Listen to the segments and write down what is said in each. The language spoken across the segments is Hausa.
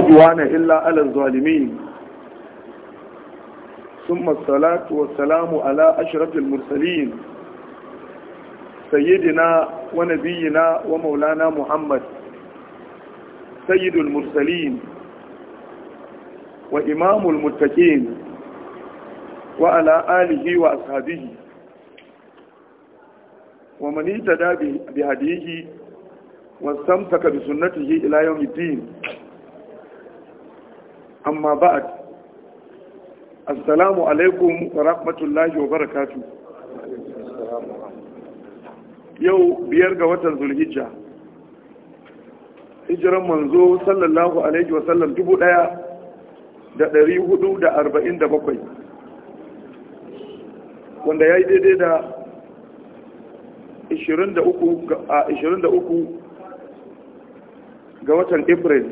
udwana illa ala zalimin thumma wa salamu ala ashrafil mursalin sayyidina wa nabiyyina wa maulana muhammad sayyidul mursalin wa imamul muttaqin wa ala alihi wa ashabihi wa man ittada bi hadihi wa samtaka bi sunnatihi ila amma ba'ad assalamu alaikum wa rahmatullahi wa barakatu yau biyar ga watan zulhijja hijiran manzo sallallahu alaihi wa sallam dubu daya da dari hudu da arba'in da bakwai wanda ya yi daidai da 23 ga watan april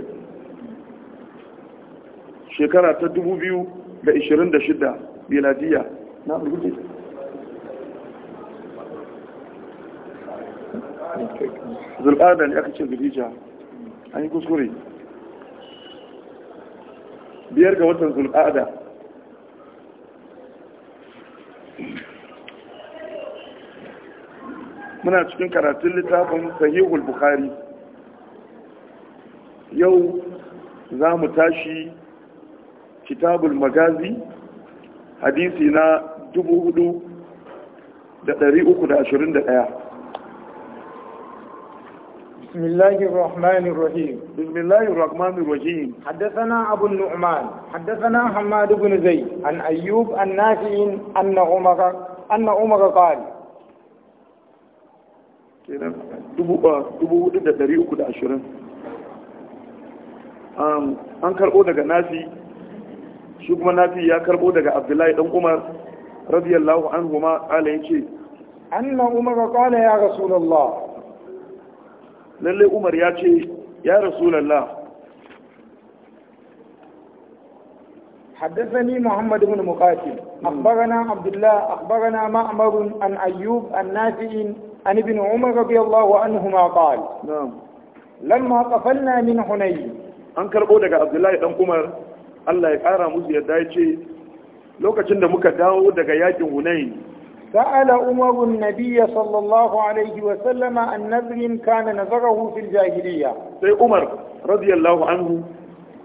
shekara ta 2026 miladiya na rubuta zulƙada ne aka ce zulhijja an yi kuskure biyar ga watan zulƙada muna cikin karatun littafin sahihul bukhari yau za mu tashi kitabul magazi hadisi na 4321 بسم الله الرحمن الرحيم بسم الله الرحمن الرحيم حدثنا ابو النعمان حدثنا حماد بن زيد عن ايوب عن ان عمر ان عمر قال dubu hudu da dari uku da ashirin an karɓo daga nafi shi kuma nafi ya karbo daga abdullahi dan umar radiyallahu anhu ma ala yace anna umar qala ya rasulullah lalle umar ya ce ya rasulullah حدثني محمد بن مقاتل أخبرنا عبد الله أخبرنا مأمر عن أيوب النافع عن ابن عمر رضي الله عنهما قال نعم لما قفلنا من حنين أنكر بودك عبد الله بن عمر Allah ya ƙara musu ya ce lokacin da muka dawo daga yakin Hunayn Sa'ala عمر النبي sallallahu alaihi wa sallama, عن نذر كان نذره في الجاهلية سي عمر رضي الله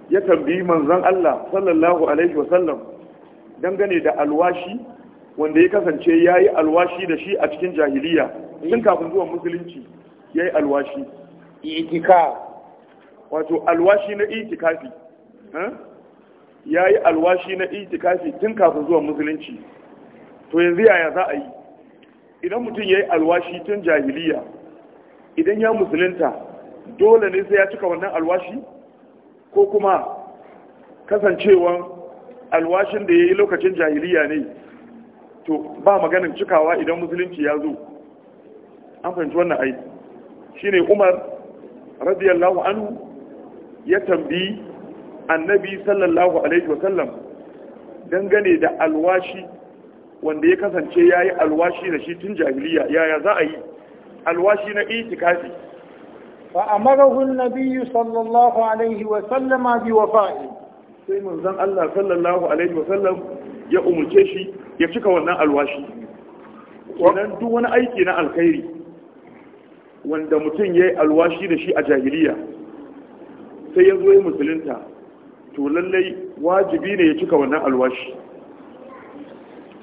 ya tambayi من Allah الله صلى الله dangane da alwashi wanda ya kasance ya yi alwashi da shi a cikin jahiliya tun kafin zuwan musulunci ya yi alwashi itika wato alwashi na itikafi ya yi alwashi na itikafi tun kafin zuwa musulunci to yanzu yaya za a yi idan mutum ya yi alwashi tun jahiliya idan ya musulunta dole ne sai ya cika wannan alwashi ko kuma kasancewan alwashin da ya yi lokacin jahiliya ne to ba maganin cikawa idan musulunci ya zo an fahimci wannan aiki shine umar radiyallahu anhu ya tambayi annabi sallallahu alaihi wasallam dangane da alwashi wanda ya kasance ya yi alwashi da shi tun jahiliya yaya za a yi alwashi na itikafi فأمره النبي صلى الله عليه وسلم بوفائه sai manzon Allah sallallahu alaihi wasallam ya umulce shi ya cika wannan alwashi wannan duk wani aiki na alkhairi wanda mutum ya yi alwashi da shi a jahiliya sai ya zo ya musulunta to lallai wajibi ne ya cika wannan alwashi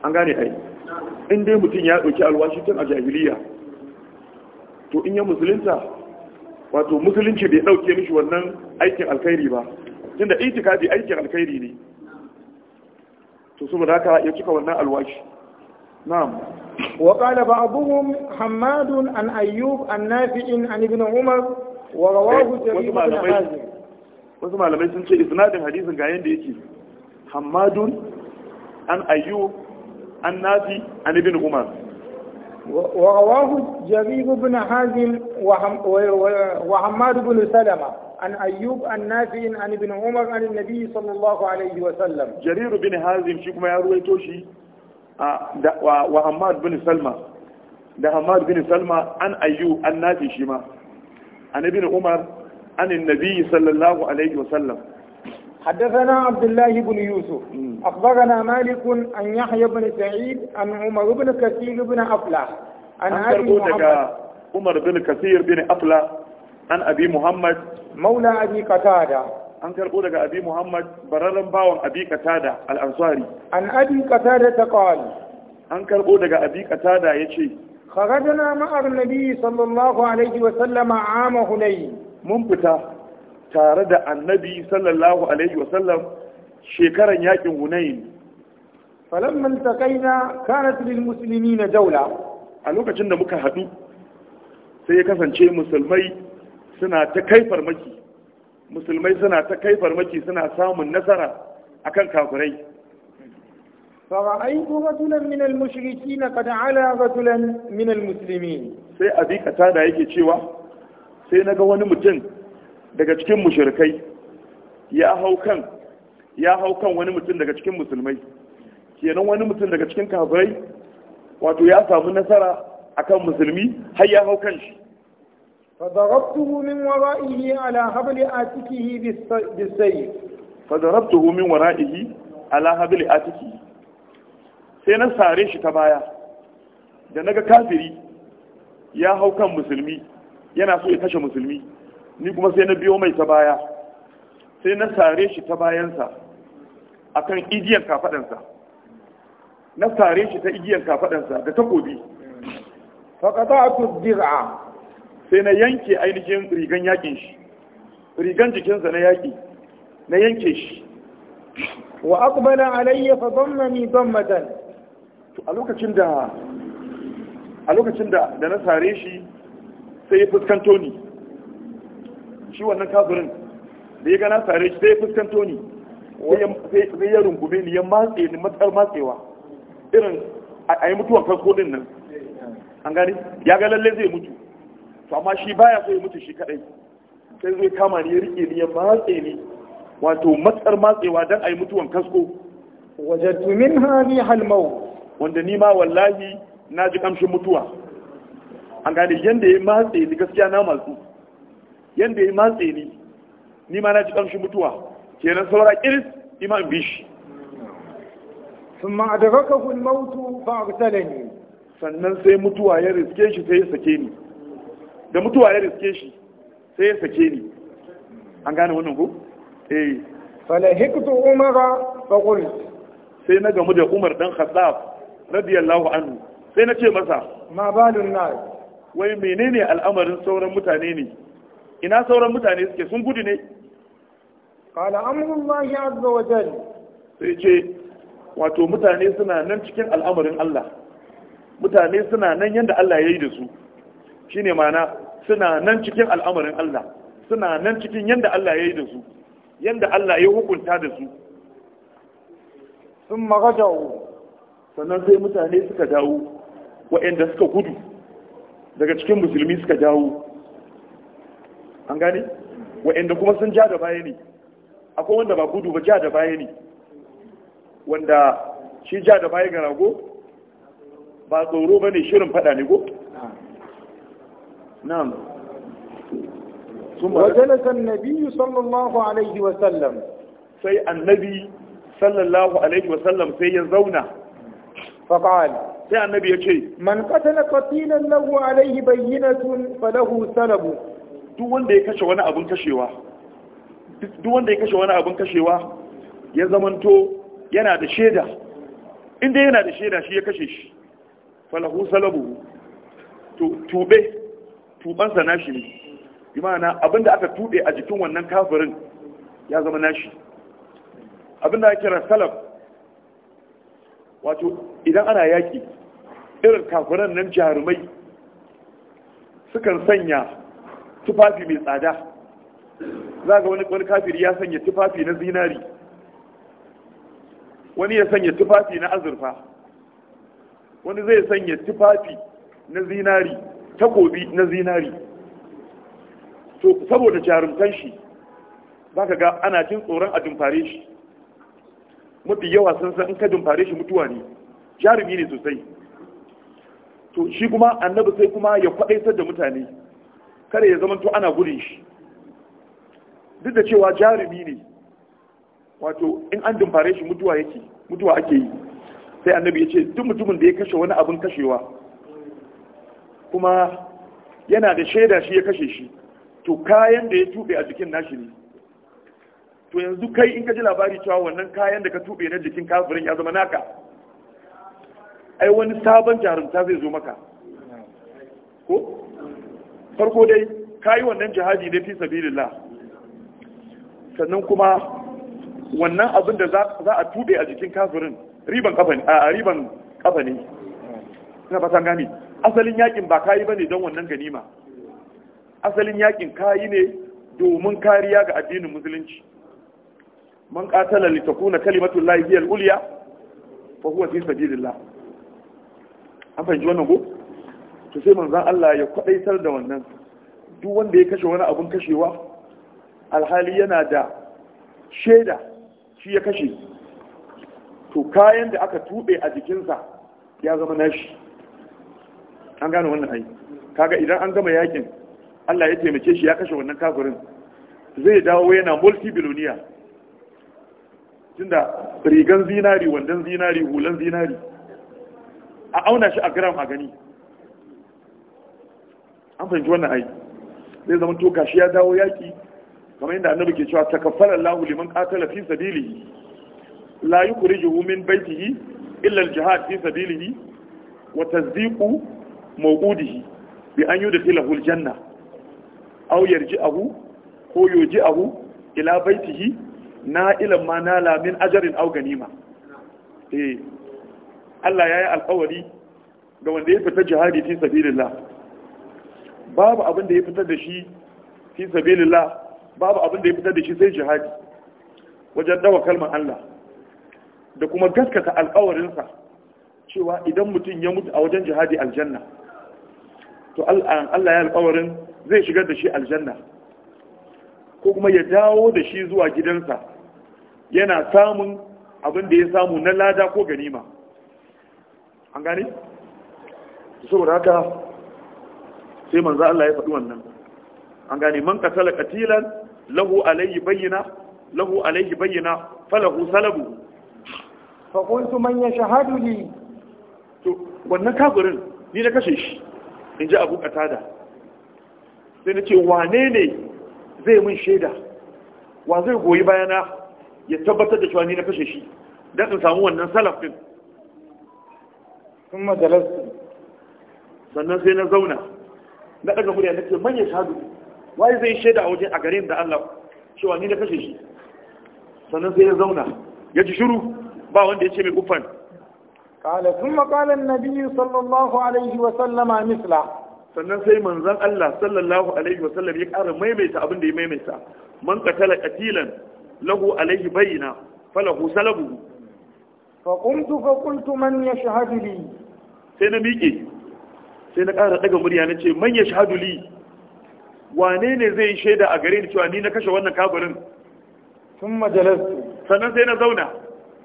an gane ai in dai mutum ya ɗauki alwashi tun a jahiliya to in ya musulunta wato musulunci bai ɗauke mishi wannan aikin alkhairi ba tunda itikadi aikin alkhairi ne to saboda haka ya cika wannan alwashi na'am وقال بعضهم حماد عن أيوب عن نافع عن ابن عمر ورواه جرير بن حازم wasu malamai sun ce isnadin hadisin ga yanda yake hammadun an ayyu an nafi an ibn umar ورواه جرير بن حازم وحماد بن سلمة عن أيوب النافع عن ابن عمر عن النبي صلى الله عليه وسلم جرير بن حازم شو يروي توشي وحماد بن سلمة ده حماد بن سلمة عن أيوب النافع شما عن ابن عمر عن النبي صلى الله عليه وسلم حدثنا عبد الله بن يوسف أخبرنا مالك عن يحيى بن سعيد عن عمر بن كثير بن أفلح عن أبي محمد عمر بن كثير بن أفلح عن أبي محمد مولى أبي قتادة an karɓo daga abi muhammad bararren bawan abi katada al'ansari an abi katada ta ƙwali an karɓo daga abi katada ya ce kharajana ma'ar nabi sallallahu alaihi wa mun fita tare da annabi sallallahu alaihi wasallam shekaran yakin hunayin falamma iltaqaina kanat lil muslimina Daula. a lokacin da muka hadu sai ya kasance musulmai suna ta kai farmaki musulmai suna ta kai farmaki suna samun nasara akan kafirai فرأيت رجلا من المشركين قد علا رجلا من المسلمين sai abi katada yake cewa sai na ga wani mutum daga cikin mushirkai ya hau kan ya hau kan wani mutum daga cikin musulmai kenan wani mutum daga cikin kafirai wato ya samu nasara akan musulmi har ya hau kan shi فضربته من ورائه على حبل آتكه بالسيف فضربته min wara'ihi ala habli آتكه sai na sare shi ta baya da naga kafiri ya hau kan musulmi yana so ya kashe musulmi ni kuma sai na biyo mai ta baya sai na sare shi ta bayansa a kan igiyar kafadansa na sare shi ta igiyar kafadansa da takobi faqata'tu dir'a sai na yanke ainihin rigan yakin shi rigan jikinsa na yaƙi na yanke shi wa aqbala alayya fa dhammani dhammatan to a lokacin da a lokacin da da na sare shi sai ya fuskanto ni shi wannan kafirin da ya gana tare shi sai ya fuskanto ni sai ya rungume ni ya matse ni matsar matsewa irin a yi mutuwan farko din nan an gani ya ga lalle zai mutu to amma shi baya so ya mutu shi kadai sai zai kama ni ya rike ni ya matse ni wato matsar matsewa dan a yi mutuwan kasko wajattu min hali halmau wanda ni ma wallahi na ji kamshin mutuwa an gane yadda ya matse ni gaskiya na matsu yadda ya matse ni ni ma na ji shi mutuwa kenan saura kiris iman bishi da ثم أدركه الموت ne. sannan sai mutuwa ya riske shi sai ya sake ni da mutuwa ya riske shi sai ya sake ni an gane wannan ko eh falahiktu umara fa qult sai na gamu da Umar dan Khattab radiyallahu anhu sai na ce masa ma balun nas wai menene al'amarin sauran mutane ne ina sauran mutane suke sun gudu ne qala amrullahi azza wa jalla sai ce wato mutane suna nan cikin al'amarin Allah mutane suna nan yanda Allah ya yi da su shine ma'ana suna nan cikin al'amarin Allah suna nan cikin yanda Allah ya yi da su yanda Allah ya hukunta da su sun magajawo sannan sai mutane suka dawo wa'anda suka gudu daga cikin musulmi suka jawo an gane wa'anda kuma sun ja da baya ne akwai wanda ba gudu ba ja da baya ne wanda shi ja da baya gara go? ba tsoro ba ne shirin fada ne Na. na'am wajalasan nabiyu sallallahu alaihi wasallam sai annabi sallallahu alaihi wasallam sai ya zauna faƙa'ali sai annabi ya ce man qatala qatilan lahu alayhi bayyinatun falahu salabu duk wanda ya kashe wani abun kashewa duk wanda ya kashe wani abun kashewa ya zamanto yana da sheda inda yana da sheda shi ya kashe shi falahu salabu to tube tubansa nashi ne bi ma'ana abinda aka tube a jikin wannan kafirin ya zama nashi abinda ake kira salab wato idan ana yaki irin kafiran nan jarumai sukan sanya tufafi mai tsada za ga wani kafir ya sanya tufafi na zinari wani ya sanya tufafi na azurfa wani zai sanya tufafi na zinari takobi na zinari to saboda jarumtan shi za ka ga ana cin tsoron a dumfare shi mafi yawa sun san in ka dumfare shi mutuwa ne jarumi ne sosai to shi kuma annabi sai kuma ya kwadaitar da mutane kada ya zama to ana gudun shi duk da cewa jarumi ne wato in an dumfare shi mutuwa yake mutuwa ake yi sai annabi ya ce duk mutumin da ya kashe wani abin kashewa kuma yana da shaida shi ya kashe shi to kayan da ya tube a jikin nashi ne to yanzu kai in ka ji labari cewa wannan kayan da ka tube na jikin kafirin ya zama naka ai wani sabon jarumta zai zo maka ko farko dai ka yi wannan jihadi ne fi sabilillah sannan kuma wannan abin da za a tube a jikin kafirin riban kafa ne a riban kafa ne ba san gani asalin yakin ba kayi bane don wannan ganima asalin yakin kayi ne domin kariya ga addinin musulunci man qatala litakuna kalimatu llahi hiya al-ulya fa huwa fi sabilillah an fahimci wannan ko to sai manzan Allah ya kwadaitar da wannan duk wanda ya kashe wani abun kashewa alhali yana da shaida shi ya kashe to kayan da aka tube a jikinsa ya zama nashi an gane wannan ai kaga idan an gama yakin Allah ya taimake shi ya kashe wannan kafirin zai dawo yana multi biloniya tunda rigan zinari wandan zinari hulan zinari a auna shi a gram a gani an fahimci wannan ai zai zama to gashi ya dawo yaki kamar inda annabi ke cewa takaffala Allahu liman qatala fi sabilihi la yukhrijuhu min baytihi illa al-jihad fi sabilihi wa tazdiqu mawqudihi bi an yudkhilahu al-janna aw yarji'ahu ko yuji'ahu ila baytihi na ma nala min ajrin aw ganima eh Allah ya yi alkawari ga wanda ya fita jihadi fi sabilillah babu abin da ya fitar da shi fi sabilillah babu abin da ya fitar da shi sai jihadi wajen dawa kalmar Allah da kuma gaskata alkawarinsa cewa idan mutum ya mutu a wajen jihadi aljanna to Allah ya alkawarin zai shigar da shi aljanna ko kuma ya dawo da shi zuwa gidansa yana samun abin da ya samu na lada ko ganima an gane saboda haka sai manzo Allah ya faɗi wannan an gane man qatala katilan lahu alayhi bayyana lahu alayhi bayyana falahu salabu fa qultu man yashhadu li to wannan kafirin ni na kashe shi in ji abu katada sai na ce wane ne zai mun shaida wa zai goyi bayana ya tabbatar da cewa ni na kashe shi dan in samu wannan salaf din sun majalastu sannan sai na zauna na daga murya na ce manyan shahadu waye zai shaida a wajen a garin da Allah cewa ni na kashe shi sannan sai ya zauna ya ji shiru ba wanda ya ce mai kufan kala sun makalan nabi sallallahu alaihi wa sallama misla sannan sai manzan Allah sallallahu alaihi wa sallam ya ƙara maimaita abin da ya maimaita man qatala qatilan lahu alaihi bayyina falahu salabuhu فقلت فقلت من يشهد لي سينا ميكي سينا قارة دقا مريانا من يشهد لي wane ne zai shaida a gare ni cewa ni na kashe wannan kafirin sun majalastu sannan sai na zauna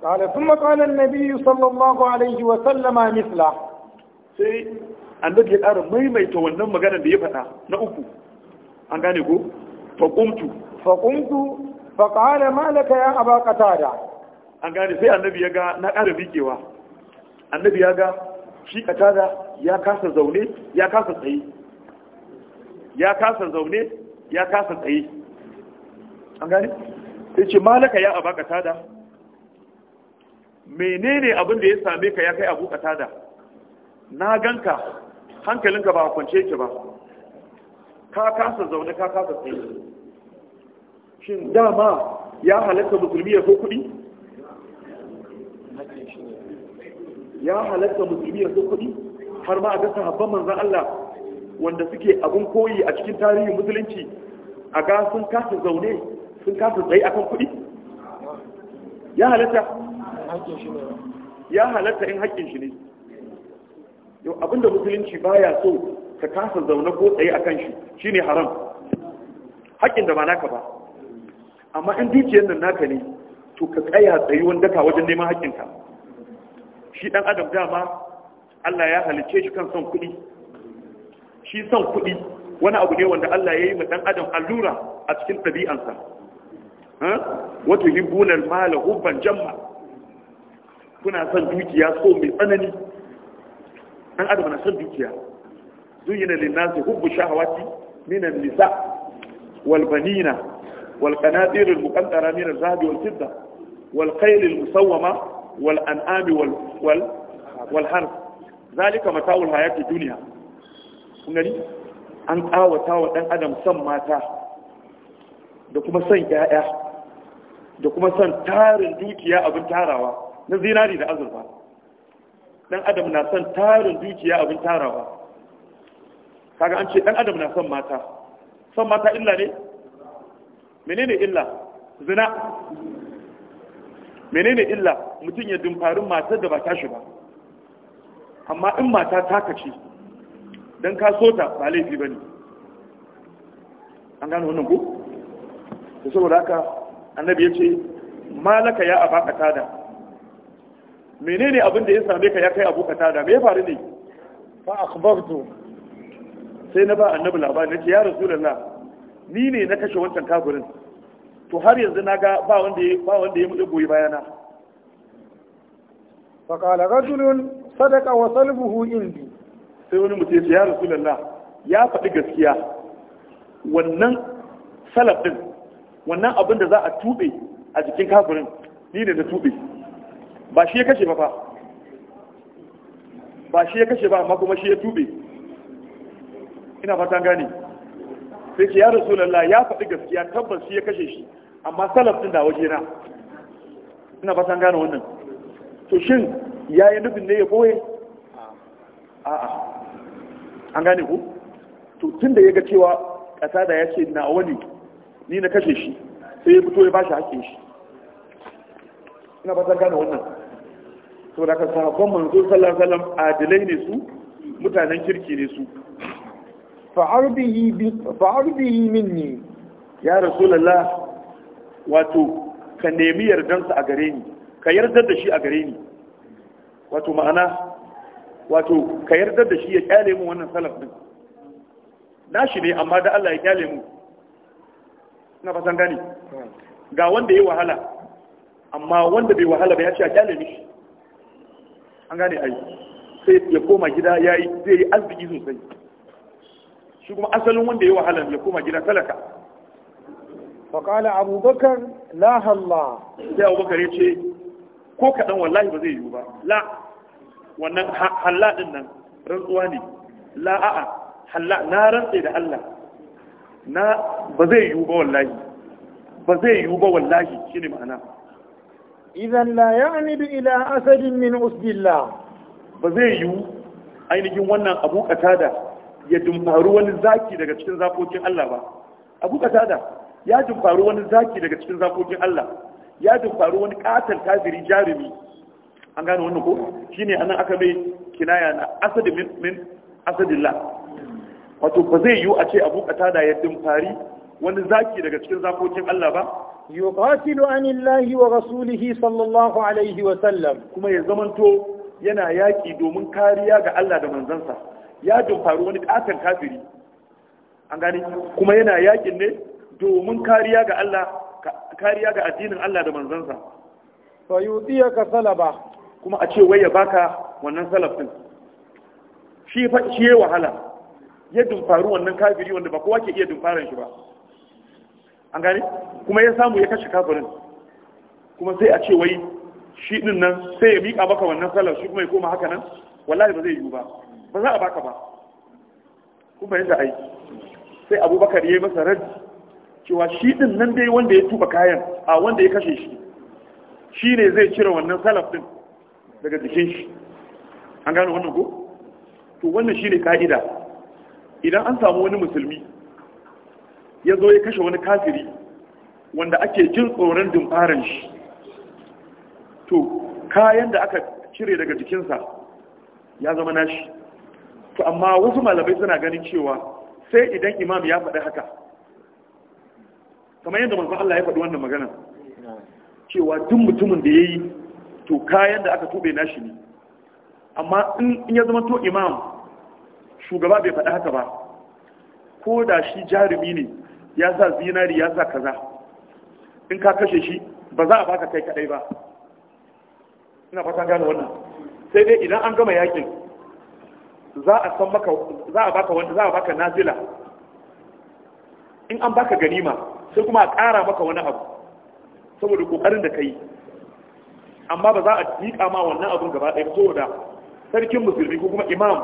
kala sun makalar nabi sallallahu alaihi wa sallama misla sai annabi ƙara maimaita wannan maganar da ya faɗa na uku an gane ko faƙumtu faƙumtu faƙala malaka ya aba qatada an gane sai annabi ya ga na ƙara miƙewa annabi ya ga shi katada ya kasa zaune ya kasa tsaye ya kasa zaune ya kasa tsaye an gane sai ce malaka ya aba katada menene abin da ya same ka ya kai abu katada na ganka hankalinka ba kwance yake ba ka kasa zaune ka kasa tsaye shin dama ya halatta musulmi ya so kuɗi ya halatta musulmi ya kuɗi har ma a ga sahabban manzan Allah wanda suke abun koyi a cikin tarihin musulunci a ga sun kasa zaune sun kasa tsaye akan kuɗi ya halatta ya halatta in haƙƙin shi ne yau abinda musulunci baya so ka kasa zaune ko tsaye akan shi shine haram haƙƙin da ba naka ba amma in dukiyar nan naka ne to ka tsaya tsayi wanda ka wajen neman haƙƙinka shi dan adam dama Allah ya halice shi kan son kuɗi shi son kuɗi wani abu ne wanda Allah ya yi ma dan adam allura a cikin ɗabi'ansa wato hibbunar mala hubban jamma kuna son dukiya so mai tsanani dan adam na son dukiya zuyina linnasi hubbu shahawati minan nisa wal banina wal qanatir al muqaddara min al zahabi wal fidda wal khayl al musawwama wal an'ami wal wal wal harf zalika mata'ul hayati dunya an kawata wa dan adam san mata da kuma san yaya da kuma san tarin dukiya abin tarawa na zinari da azurfa dan adam na san tarin dukiya abin tarawa kaga an ce dan adam na san mata san mata illa ne menene illa zina menene illa mutum ya dumfari matar da ba ta shi ba amma in mata ta kace don ka so ta ba laifi ba ne an gano wannan ku? da saboda haka annabi ya ce malaka ya a baka tada menene ne da ya same ka ya kai abu ka tada me ya faru ne fa akhbartu sai na ba annabi labari ce. ya na, ni ne na kashe wancan kagurin to har yanzu na ga ba wanda ya yi wanda goyi bayana faƙala rajulun sadaka wa salbuhu indi sai wani mutum ya rasulullah ya faɗi gaskiya wannan salaf din wannan abin da za a tube a jikin kafirin ni ne da tube ba shi ya kashe ba fa ba shi ya kashe ba amma kuma shi ya tube ina fatan gane sai ce ya rasulullah ya faɗi gaskiya tabbas shi ya kashe shi amma salaf din da waje na ina fatan gane wannan to shin ya yi nufin ne ya boye a'a an gane ku to tun da ya ga cewa ƙasa da ya ce na wani ni na kashe shi sai ya fito ya bashi haƙƙin shi ina ba zan gane wannan to da ka sahabban manzo sallallahu alaihi wasallam adilai ne su mutanen kirki ne su fa'arbihi bi fa'arbihi minni ya rasulullah wato ka nemi yardansa a gare ni ka yarda da shi a gare ni wato ma'ana wato ka yarda da shi ya kyale mu wannan salaf din shi ne amma da Allah ya kyale mu ina fatan gani ga wanda ya wahala amma wanda bai wahala ba ya ce a kyale mishi an gane ai sai ya koma gida ya yi zai yi arziki sosai shi kuma asalin wanda ya wahala ya koma gida talaka faƙala abubakar لا الله sai abubakar ya ce ko kaɗan wallahi ba zai yiwu ba la wannan halla nan rantsuwa ne la a'a halla na rantse da Allah na ba zai yiwu ba wallahi ba zai yiwu ba wallahi shine ma'ana idan la bi ila asadin min usbillah ba zai yiwu ainihin wannan abu katada ya dumfaru wani zaki daga cikin zakokin Allah ba abu katada ya dumfaru wani zaki daga cikin zakokin Allah ya faru wani katon kafiri jarumi an gane wannan ko Shi ne anan aka mai kinaya na asadi min min wato ba zai yiwu a ce abu da ya fari wani zaki daga cikin zakokin Allah ba yuqatilu anillahi wa rasulihi sallallahu alaihi wa sallam kuma ya zamanto yana yaki domin kariya ga Allah da manzansa ya faru wani katon kafiri an gane kuma yana yakin ne domin kariya ga Allah kariya ga addinin Allah da manzansa fa ka salaba kuma a ce wai ya baka wannan salafin. shi fa shi ya wahala ya dumfaru wannan kafiri wanda ba kowa ke iya dumfaran shi ba an gane kuma ya samu ya kashe kafirin kuma sai a ce wai shi din nan sai ya mika maka wannan salaf shi kuma ya koma haka nan wallahi ba zai yiwu ba ba za a baka ba kuma yanda ai sai abubakar ya yi masa raddi cewa shi din nan dai wanda ya tuba kayan a wanda ya kashe shi shi ne zai cire wannan salaf din daga jikin shi an gano wannan ko to wannan shi ne ka'ida idan an samu wani musulmi ya zo ya kashe wani kafiri wanda ake jin tsoron dimfaran shi to kayan da aka cire daga jikinsa ya zama nashi to amma wasu malamai suna ganin cewa sai idan imam ya faɗi haka kamar yadda manzon Allah ya faɗi wannan magana cewa duk mutumin da yayi to kayan da aka tube nashi ne amma in ya zama to imam shugaba bai faɗi haka ba ko da shi jarumi ne ya sa zinari ya sa kaza in ka kashe shi ba za a baka kai kadai ba ina fatan gane wannan sai dai idan an gama yakin za a san maka za a baka wanda za a baka nazila in an baka ganima sai kuma a ƙara maka wani abu saboda ƙoƙarin da ka yi amma ba za a jiƙa ma wannan abin gaba ɗaya da sarkin musulmi ko kuma imam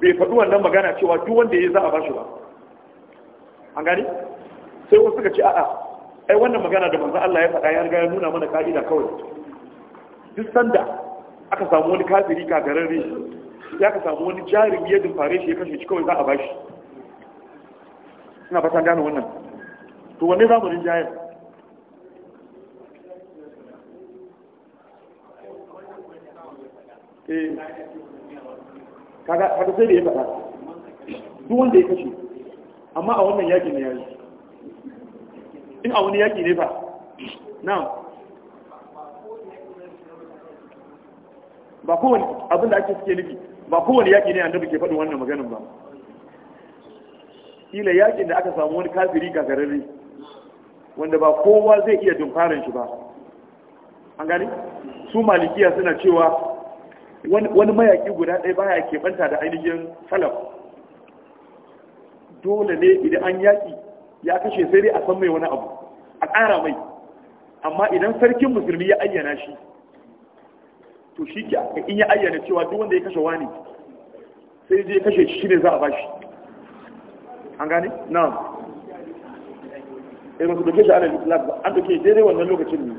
bai faɗi wannan magana cewa duk wanda ya yi za a ba shi ba an gani sai wasu suka ce a'a ai wannan magana da manzo Allah ya faɗa ya riga ya nuna mana ka'ida kawai duk sanda aka samu wani kafiri shi ya ka samu wani jarumi ya dumfare shi ya kashe shi kawai za a ba shi. ina fatan gane wannan to wanne za mu rinjayar eh, kaga sai da ya faɗa duk wanda ya kashe amma a wannan yaƙi ya yayi in a wani yaƙi ne ba na ba kowane abinda ake suke nufi ba kowane yaƙi ne annabi ke faɗin wannan maganin ba ila yaƙin da aka samu wani kafiri gagararre wanda ba kowa zai iya dumfarin shi ba an gani su malikiya suna cewa wani mayaki guda ɗaya baya keɓanta da ainihin salaf dole ne idan an yaƙi ya kashe sai dai a san mai wani abu a ƙara mai amma idan sarkin musulmi ya ayyana shi to shi in ya ayyana cewa duk wanda ya kashe wani sai dai kashe shi ne za a ba shi. an gani? na'am irin eh, su doke shi alal islam ba an da ke daidai wannan lokacin ne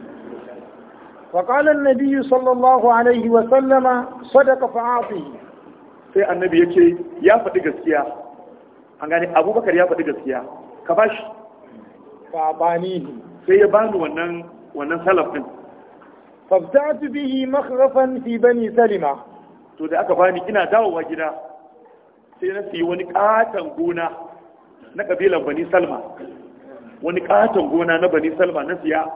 فقال النبي صلى الله عليه وسلم صدق فعاطه sai annabi ya ce ya faɗi gaskiya an gane abubakar ya faɗi gaskiya ka ba shi ba bani sai ya bani wannan wannan salaf din fabda'tu bihi makhrafan fi bani salima to da aka bani ina dawowa gida sai na siyi wani katon gona na kabilan bani salma wani katon gona na bani salma na siya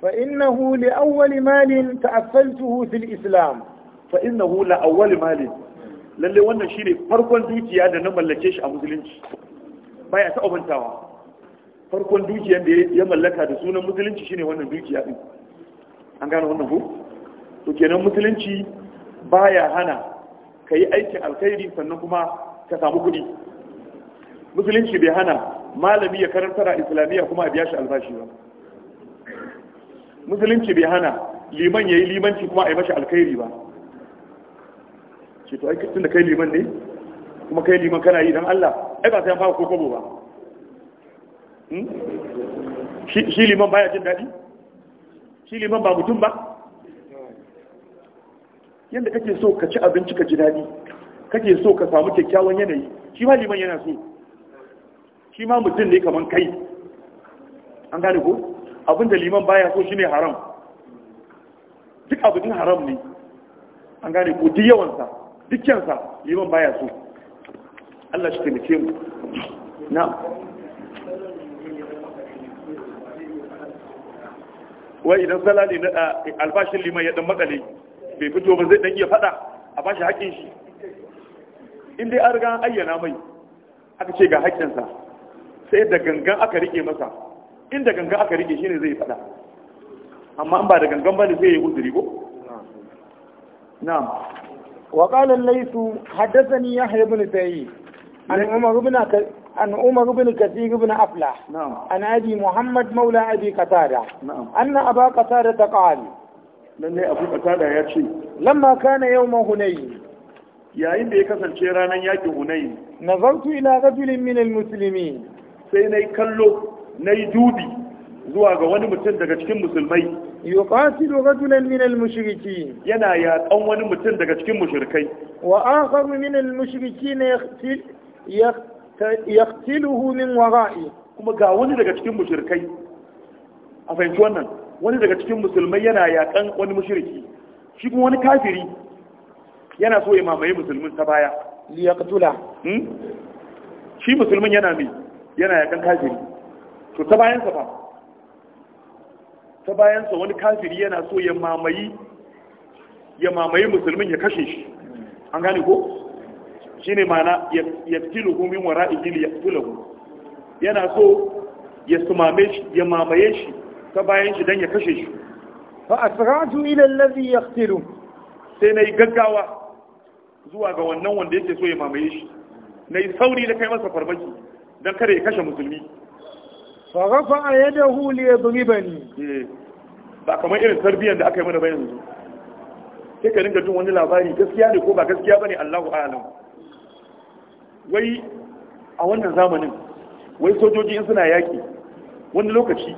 fa innahu li awwali malin ta'affaltuhu fil islam fa innahu la awwali malin lalle wannan shine farkon dukiya da na mallake shi a musulunci baya ta abantawa farkon dukiyar da ya mallaka da sunan musulunci shine wannan dukiya din an gano wannan ko to kenan musulunci baya hana ka yi aikin alkhairi sannan kuma ka samu kuɗi musulunci bai hana malami ya karanta a islamiyya kuma a biya shi albashi ba musulunci bai hana liman ya yi limanci kuma a yi mashi alkhairi ba ce to tun da kai liman ne kuma kai liman kana yi don Allah ai ba sai an fara kobo ba hmm? shi liman baya jin daɗi shi liman ba mutum ba yadda kake so ka ci abinci ka ji daɗi kake so ka samu kyakkyawan yanayi shi ma liman yana so shi ma mutum ne kamar kai an gane ko abinda liman baya so shine haram duk abin haram ne an gane ko duk yawansa duk kyansa liman baya so Allah shi taimake mu na wai idan salali na eh, albashin liman ya dan makale bai fito ba zai dan iya fada a bashi haƙin shi in dai an riga ayyana mai aka ce ga haƙƙinsa sai da gangan aka rike masa inda gangan aka rike shine zai fada amma an ba da gangan bane zai yi uzuri ko na'am wa qala laysu haddathani yahya ibn sayyi an umar ibn an umar ibn kathir ibn afla an ji muhammad maula abi qatada an aba qatada taqali lalle abu qatada ya ce lamma kana yawma hunayn yayin da ya kasance ranar yakin hunayn nazartu ila rajulin min almuslimin sai na yi kallo na yi dubi zuwa ga wani mutum daga cikin musulmai yuqatilu rajulan min al-mushrikeen yana yaƙan wani mutum daga cikin mushrikai wa akharu min al ya yaqtiluhu min wara'i kuma ga wani daga cikin mushrikai a fahimci wannan wani daga cikin musulmai yana yaƙan wani mushriki shi kuma wani kafiri yana so ya mamaye musulmin ta baya yaqtula hmm? shi musulmin yana mai yana yakan kafiri to ta bayansa ba ta bayansa wani kafiri yana so ya mamayi ya mamayi musulmin ya kashe shi an gane ko shi ne mana ya tiluhu wa wara ijili ya tiluhu yana so ya sumame shi ya mamaye shi ta bayan shi don ya kashe shi fa asratu ila allazi yaqtilu sai nayi gaggawa zuwa ga wannan wanda yake so ya mamaye shi nayi sauri da kai masa farmaki don kada ya kashe musulmi fa rafa yadahu li yadribani eh, ba kamar irin tarbiyyar da aka yi mana ba yanzu sai ka dinga jin wani labari gaskiya ne ko ba gaskiya bane Allahu a'lam wai a wannan zamanin wai sojoji in suna yaki wani lokaci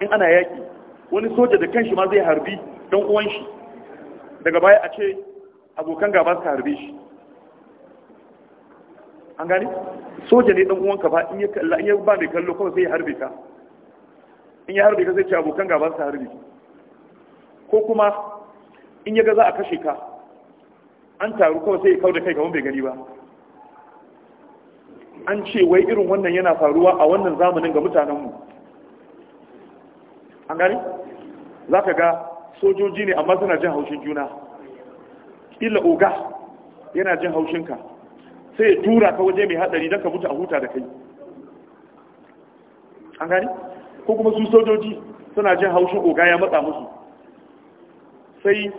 in ana yaki wani soja da kanshi ma zai harbi dan uwan shi daga baya a ce abokan gaba suka harbe shi an gani soja ne dan uwanka fa in ya kalla in ya ba mai kallo kawai sai ya harbe ka in ya harbe ka sai ce abokan gaba su harbe ko kuma in ya ga za a kashe ka an taru kawai sai ya da kai kamar bai gani ba an ce wai irin wannan yana faruwa a wannan zamanin ga mutanenmu an gani za ka ga sojoji ne amma suna jin haushin juna Ila oga yana jin haushinka sai ya tura ka waje mai hadari don ka mutu a huta da kai an gani ko kuma su sojoji suna jin haushin oga ya matsa musu sai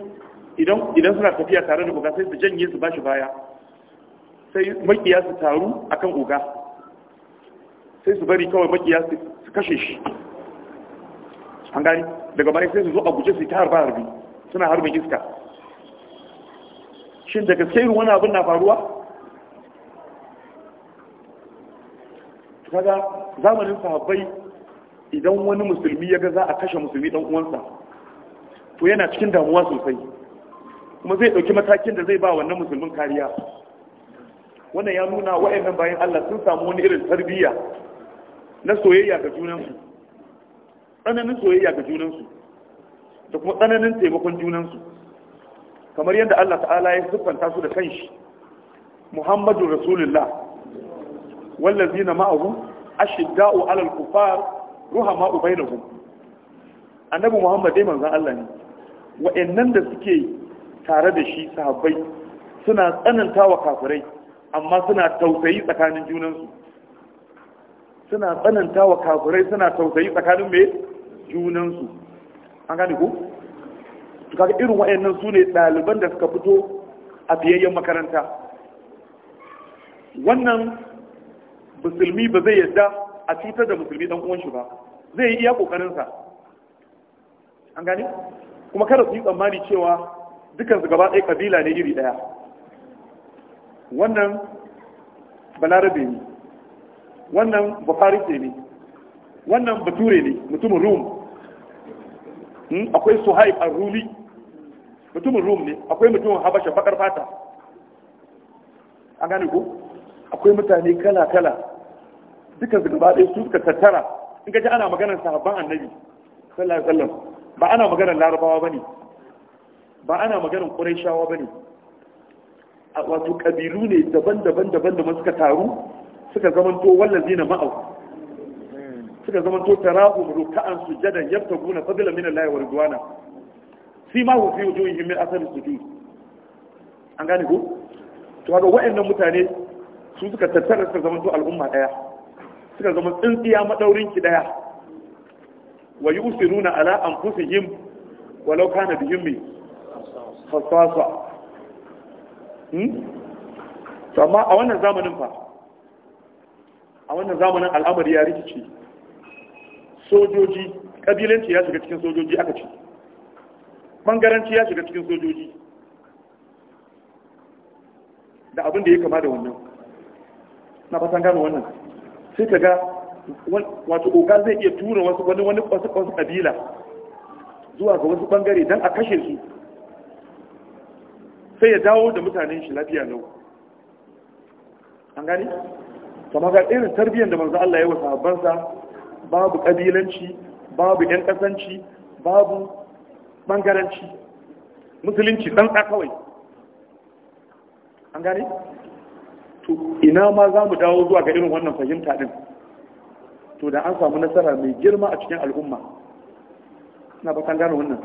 idan suna tafiya tare da oga sai su janye su bashi baya sai makiya su taru kan oga sai su bari kawai makiya su kashe shi an gani daga bari sai su zo a guje su ta harba harbi suna harbin iska shin da gaske irin wani abin na faruwa kaga zamanin sahabbai idan wani musulmi ya ga za a kashe musulmi dan uwansa to yana cikin damuwa sosai kuma zai dauki matakin da zai ba wannan musulmin kariya wannan ya nuna wa'annan bayan Allah sun samu wani irin tarbiyya na soyayya ga junansu tsananin soyayya ga junansu da kuma tsananin taimakon junansu kamar yadda Allah ta'ala ya siffanta su da kanshi Muhammadu Rasulullah wallazina ma'ahu ashidda'u 'alal kufar ruhama'u bainahum annabi Muhammad dai manzon Allah ne wa'annan da suke tare da shi sahabbai suna tsananta wa kafirai amma suna tausayi tsakanin junansu suna tsananta wa kafirai suna tausayi tsakanin mai junansu an gane ku? kaga irin wa'annan su ne ɗaliban da suka fito a biyayyen makaranta wannan musulmi ba zai yadda a cutar da musulmi dan uwan shi ba zai yi iya kokarin sa an gane kuma kada su yi tsammani cewa dukan su gaba ɗaya kabila ne iri ɗaya wannan balarabe ne wannan bafarise ne wannan bature ne mutumin rum hmm, akwai suhaib a ruli mutumin rum ne akwai mutumin habasha bakar fata an gane ko akwai mutane kala-kala dukkan su gaba ɗaya su suka tattara in ka ji ana maganar sahabban annabi sallallahu alaihi wasallam ba ana maganar larabawa bane ba ana maganar quraishawa bane a wato kabilu ne daban-daban daban da suka taru suka zamanto na ma'au suka zamanto tarahum ruk'an sujadan yabtaguna fadlan min Allah wa ridwana fi ma hu fi wujuhihim min athar sujud an gane ko to ga wa'annan mutane su suka tattara suka zamanto al'umma daya suka zama tsintsiya madaurin ki daya wa yusiruna ala anfusihim walau kana bihim mai hmm? to amma a wannan zamanin fa a wannan zamanin al'amari ya rikici sojoji kabilanci ya shiga cikin sojoji aka ce bangaranci ya shiga cikin sojoji da abin da ya kama da wannan na fasan gano wannan sai ka ga wato oga zai iya tura wasu wani wani wasu wasu kabila zuwa ga wasu bangare dan a kashe su sai ya dawo da mutanen shi lafiya lau an gani kama ga irin tarbiyyar da manzo Allah ya wa sahabbansa babu kabilanci babu yan kasanci babu bangaranci musulunci dan kawai an gani to ina ma za mu dawo zuwa ga irin wannan fahimta din to da an samu nasara mai girma a cikin al'umma ina bakan gano wannan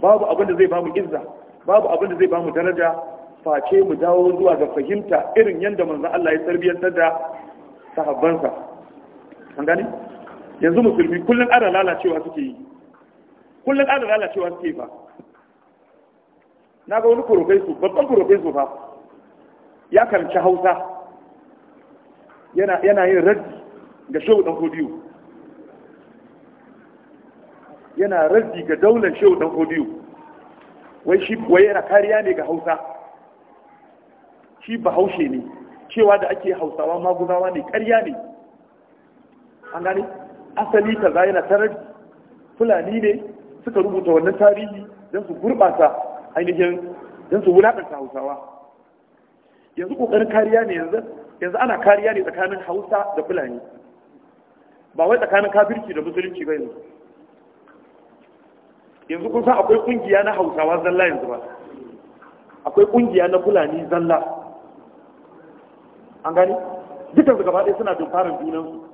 babu abin da zai ba mu izza babu abin da zai ba mu daraja face mu dawo zuwa ga fahimta irin yadda manzon Allah ya tarbiyyantar da sahabbansa an gani yanzu musulmi kullun ara lalacewa suke yi kullun ara lalacewa suke ba na ga wani kurofesu babban kurofesu fa ya karanci hausa yana yin raddi ga shehu dan hodiyo yana raddi ga daular shehu dan hodiyo wai shi wai yana kariya ne ga hausa shi bahaushe ne cewa da ake hausawa maguzawa ne kariya ne an gani asali za yana tarar fulani ne suka rubuta wannan tarihi don su gurɓata ainihin don su wulaƙanta hausawa yanzu ƙoƙarin kariya ne yanzu yanzu ana kariya ne tsakanin hausa da fulani ba wai tsakanin kafirci da musulunci ba yanzu yanzu kun san akwai kungiya na hausawa zalla yanzu ba akwai kungiya na fulani zalla an gani dukkan su gaba ɗaya suna dumfarin junansu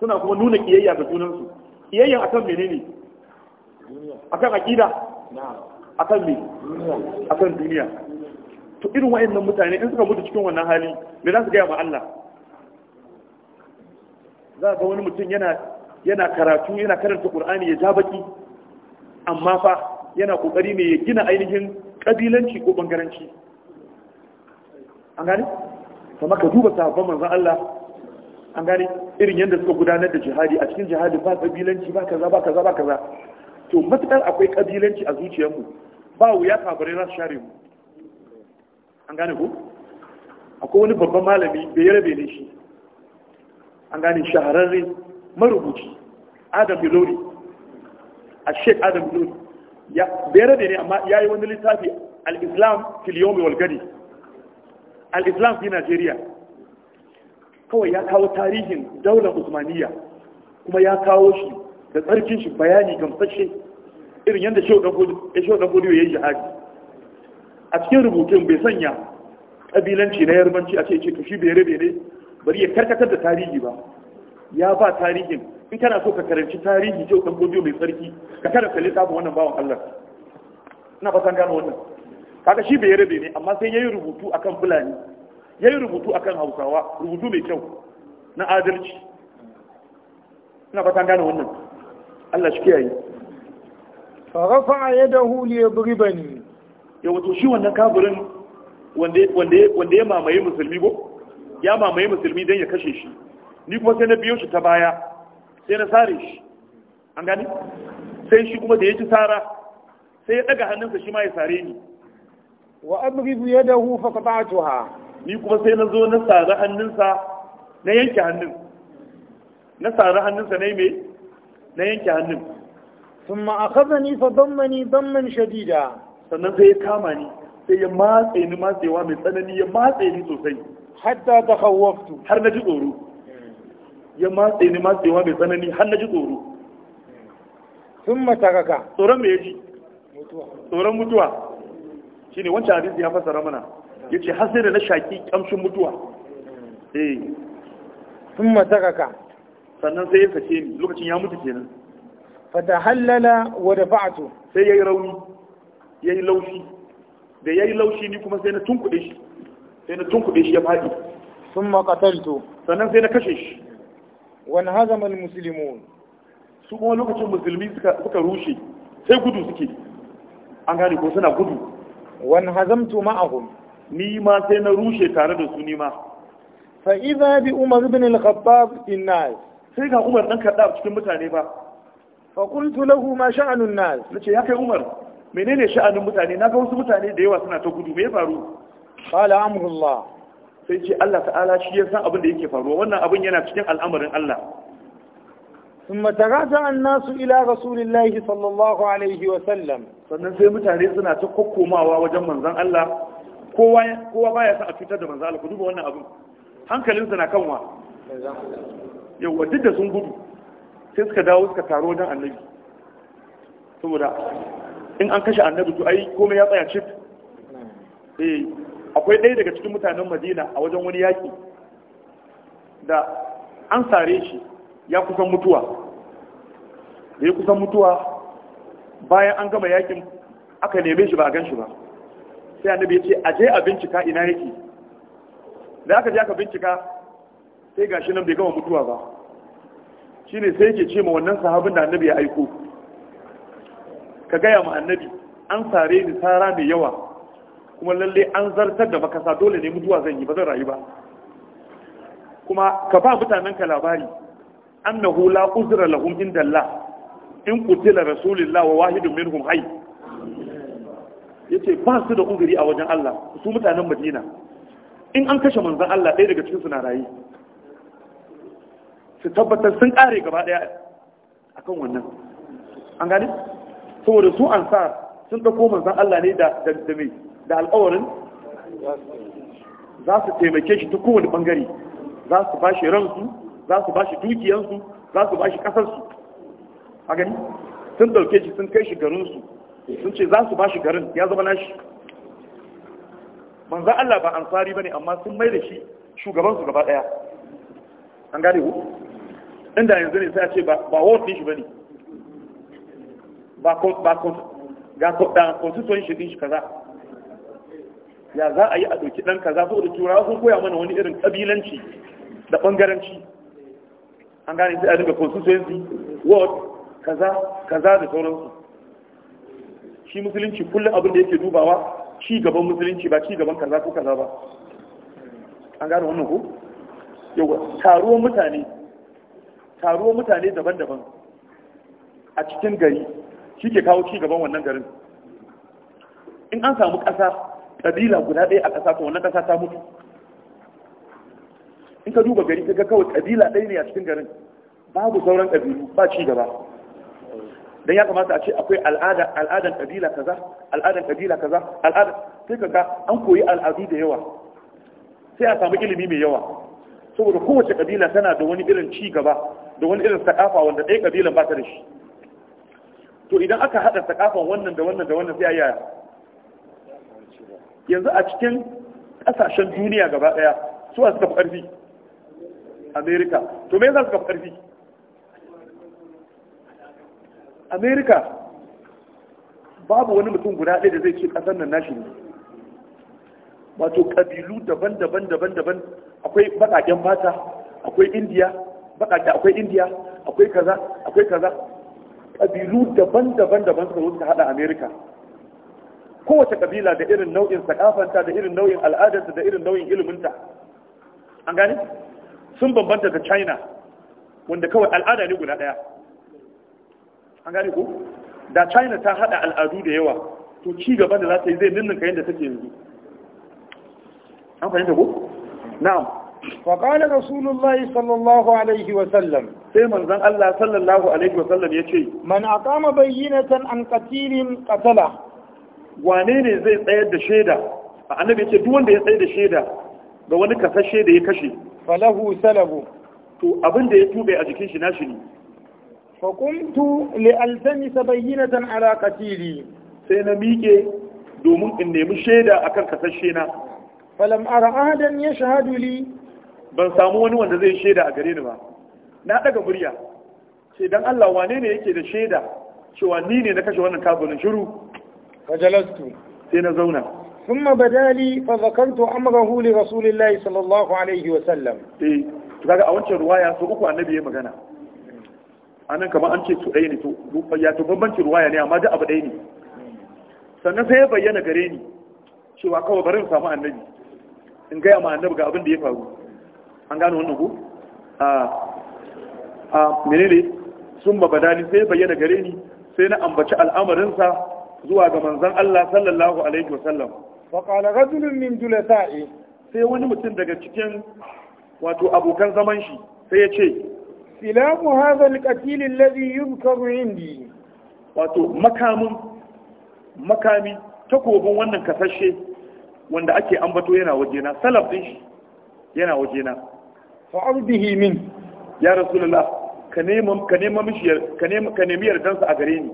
suna kuma nuna kiyayya ga junansu kiyayya akan menene akan A kan me kan duniya to irin wayannan mutane in suka mutu cikin wannan hali me za su gaya ma Allah za ga wani mutum yana yana karatu yana karanta Qur'ani ya ja baki amma fa yana kokari ne ya gina ainihin kabilanci ko bangaranci an gane kuma ka duba sahabban manzon Allah an gane irin yadda suka gudanar da jihadi a cikin jihadi ba kabilanci ba kaza ba kaza ba kaza to matakar akwai kabilanci a zuciyarmu ba wuya kabarai za su share mu an gane ku akwai wani babban malami bai rabe ne shi an gane shahararri marubuci adam bilori a sheik adam bilori bai rabe ne amma ya yi wani littafi al-islam filiyomi walgadi al-islam fi najeriya kawai ya kawo tarihin daular usmaniya kuma ya kawo shi da tsarkin shi bayani gamsashe irin yadda shi ya shi ya yi jihadi a cikin rubutun bai sanya kabilanci na yarbanci a ce ce to shi bere bere bari ya karkatar da tarihi ba ya ba tarihin in kana so ka karanci tarihi jau ɗan gobe mai tsarki, ka kada lissa ba wannan bawan Allah ina fatan gano wannan kaga shi bai rabe ne amma sai yayi rubutu akan fulani yayi rubutu akan Hausawa rubutu mai kyau na adalci ina fatan gano wannan Allah shi kiyaye fa rafa yadahu li yadribani ya wato shi wannan kafirin wanda ya mamaye musulmi ko ya mamaye musulmi don ya kashe shi ni kuma sai na biyo shi ta baya sai na sare shi an gani sai shi kuma da ya ci sara sai ya daga hannunsa shi ma ya sare ni wa amribu yadahu fa qata'tuha ni kuma sai na zo na sare hannunsa na yanke hannun na sare hannunsa na yi me na yanke hannun ثم أخذني فضمني ضما sannan sai ya kama ni sai ya matse ni matsewa mai tsanani ya matse ni sosai hatta ta hawaftu har na ji tsoro ya matse ni matsewa mai tsanani har na ji tsoro sun matakaka tsoron mai yaji tsoron mutuwa shi ne wancan hadisi ya fassara mana ya ce har sai da na shaƙi ƙamshin mutuwa eh sun matakaka sannan sai ya sake ni lokacin ya mutu kenan fata hallala wa da fa'atu sai ya yi rauni ya yi laushi da ya yi laushi ni kuma sai na tunkuɗe shi sai na tunkuɗe shi ya faɗi sun makatalto sannan sai na kashe shi wani hazamal musulmi su kuma lokacin musulmi suka rushe sai gudu suke an gane ko suna gudu wani hazamtu ma'ahum ni ma sai na rushe tare da su ni ma fa idza bi umar ibn al-khattab in nas sai ga umar dan kadda cikin mutane ba fa qultu lahu ma sha'anun nas nace ya kai umar menene sha'anin mutane na ga wasu mutane da yawa suna ta gudu me ya faru qala amrullah sai ce Allah ta'ala shi ya san abin da yake faruwa wannan abin yana cikin al'amarin Allah ثم تراجع الناس إلى رسول الله sallallahu alaihi wa sallam. sannan sai mutane suna ta kokkomawa wajen manzon Allah kowa kowa baya son a fitar da manzon Allah ku duba wannan abin hankalin na kanwa yawa duk da sun gudu sai suka dawo suka taro wajen annabi saboda in an kashe annabi to ai komai ya tsaya cif eh akwai ɗaya daga cikin mutanen madina a wajen wani yaƙi da an sare shi ya kusan mutuwa da ya kusan mutuwa bayan an gama yaƙin aka neme shi ba a gan shi ba sai annabi ya ce a je a bincika ina yake da aka je aka bincika sai gashi nan bai gama mutuwa ba shine sai yake ce ma wannan sahabin da annabi ya aiko ka gaya ma annabi an sare ni tsara mai yawa kuma lalle an zartar da makasa dole ne mutuwa zan yi ba zan rayu ba kuma ka ba mutanen ka labari annahu la uzra lahum inda Allah in qutila rasulullah wa wahidun minhum hayy yace ba su da uzuri a wajen Allah su mutanen Madina in an kashe manzon Allah ɗaya daga cikin su na rayu su tabbatar sun kare gaba daya akan wannan an gane saboda su sa sun dauko manzan Allah ne da da mai da alƙawarin za su taimake shi ta kowane bangare za su ba shi ransu za su ba shi dukiyansu za su ba shi ƙasarsu a gani sun dauke shi sun kai shi garinsu sun ce za su ba shi garin ya zama nashi manzan Allah ba ansari ba ne amma sun mai da shi shugabansu gaba ɗaya an gane ku inda yanzu ne sai a ce ba ward ne shi ba ne ba ga constitution shi din shi kaza ya za a yi a ɗauki ɗan kaza so da turawa sun koya mana wani irin ƙabilanci da ɓangaranci an gane sai a dinga constituency ward kaza kaza da sauransu shi musulunci kullum abin da yake dubawa ci gaban musulunci ba ci gaban kaza ko kaza ba an gane wannan ko yau taruwar mutane taruwan mutane daban-daban a cikin gari shi ke kawo ci gaban wannan garin in an samu ƙasa ƙabila guda ɗaya a ƙasa to wannan ƙasa ta mutu in ka duba gari ka kawai ƙabila ɗaya ne a cikin garin babu sauran ƙabilu ba ci gaba don ya kamata a ce akwai al'adan ƙabila kaza al'adan ƙabila kaza al'adan sai ka ga an koyi al'adu da yawa sai a samu ilimi mai yawa saboda kowace ƙabila tana da wani irin ci gaba da wani irin sakafa wanda ɗaya ƙabilan ba ta da shi to idan aka haɗa sakafan wannan da wannan da wannan sai yaya yanzu a cikin ƙasashen duniya gaba ɗaya su suka fi ƙarfi amerika to me za su fi ƙarfi amerika babu wani mutum guda ɗaya da zai ce ƙasar nan nashi ne wato ƙabilu daban-daban daban-daban akwai baƙaƙen mata akwai indiya baƙaƙe akwai indiya akwai kaza akwai kaza Kabilu daban-daban daban suka zo suka haɗa amerika kowace ƙabila da irin nau'in sakafanta da irin nau'in al'adarta da irin nau'in iliminta an gane sun bambanta da china wanda kawai al'ada ne guda ɗaya an gane ko da china ta haɗa al'adu da yawa to ci gaba da za ta yi zai ninninka yadda take yanzu an fahimta ko na'am فقال رسول الله صلى الله عليه وسلم سيما زن الله صلى الله عليه وسلم يشي من أقام بينة عن قتيل قتله وانيني زي تأيد شيدا النبي يشي دي تأيد شيدا ga wani kasashe da ya kashe falahu salabu to abin da ya tube a jikin shi nashi ne fa qumtu li alzami sabayyinatan ala qatili sai na miƙe domin in nemi shaida akan kasashe na falam ara ahadan ban samu wani wanda zai shaida a gare ni ba na daga murya sai dan Allah wane ne yake da shaida cewa ni ne na kashe wannan kafirin shiru fajalastu sai na zauna thumma badali fa zakartu amrahu li rasulillahi sallallahu alaihi wa sallam eh kaga a wancan ruwaya so uku annabi ya magana anan kamar an ce su ɗaya ne to ya to bambancin ruwaya ne amma duk abu ɗaya ne sannan sai ya bayyana gare ni cewa kawai bari in samu annabi in gaya ma annabi ga abin da ya faru an gano wannan ku a menene sun babadani sai bayyana gare ni sai na ambaci al'amarinsa zuwa ga manzon Allah sallallahu alaihi wasallam fa qala rajulun min julasa'i sai wani mutum daga cikin wato abokan zaman shi sai ya ce silamu hadha alqatil alladhi yuzkaru indi wato makamin makami takobin wannan kasashe wanda ake ambato yana wajena salaf din shi yana waje na. fa'ardihi min ya rasulullah ka nema ka nema mishi ka nema ka nemi yardansa a gare ni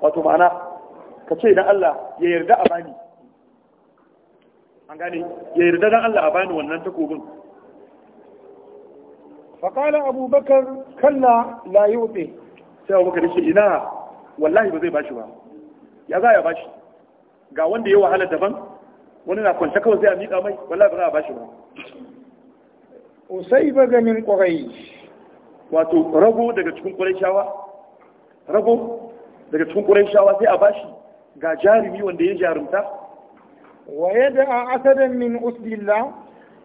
wato ma'ana ka ce dan Allah ya yarda a bani an gane ya yarda dan Allah a bani wannan takobin فقال أبو بكر كلا لا يؤتي sai abu bakar ce ina wallahi ba zai bashi ba ya za ya bashi ga wanda ya wahala daban wani na kwanta kawai sai a miƙa mai wallahi ba za a bashi ba usai ba ganin quraish wato rago daga cikin shawa. rago daga cikin shawa sai a bashi ga jarumi wanda ya jarumta wa a asadan min usbillah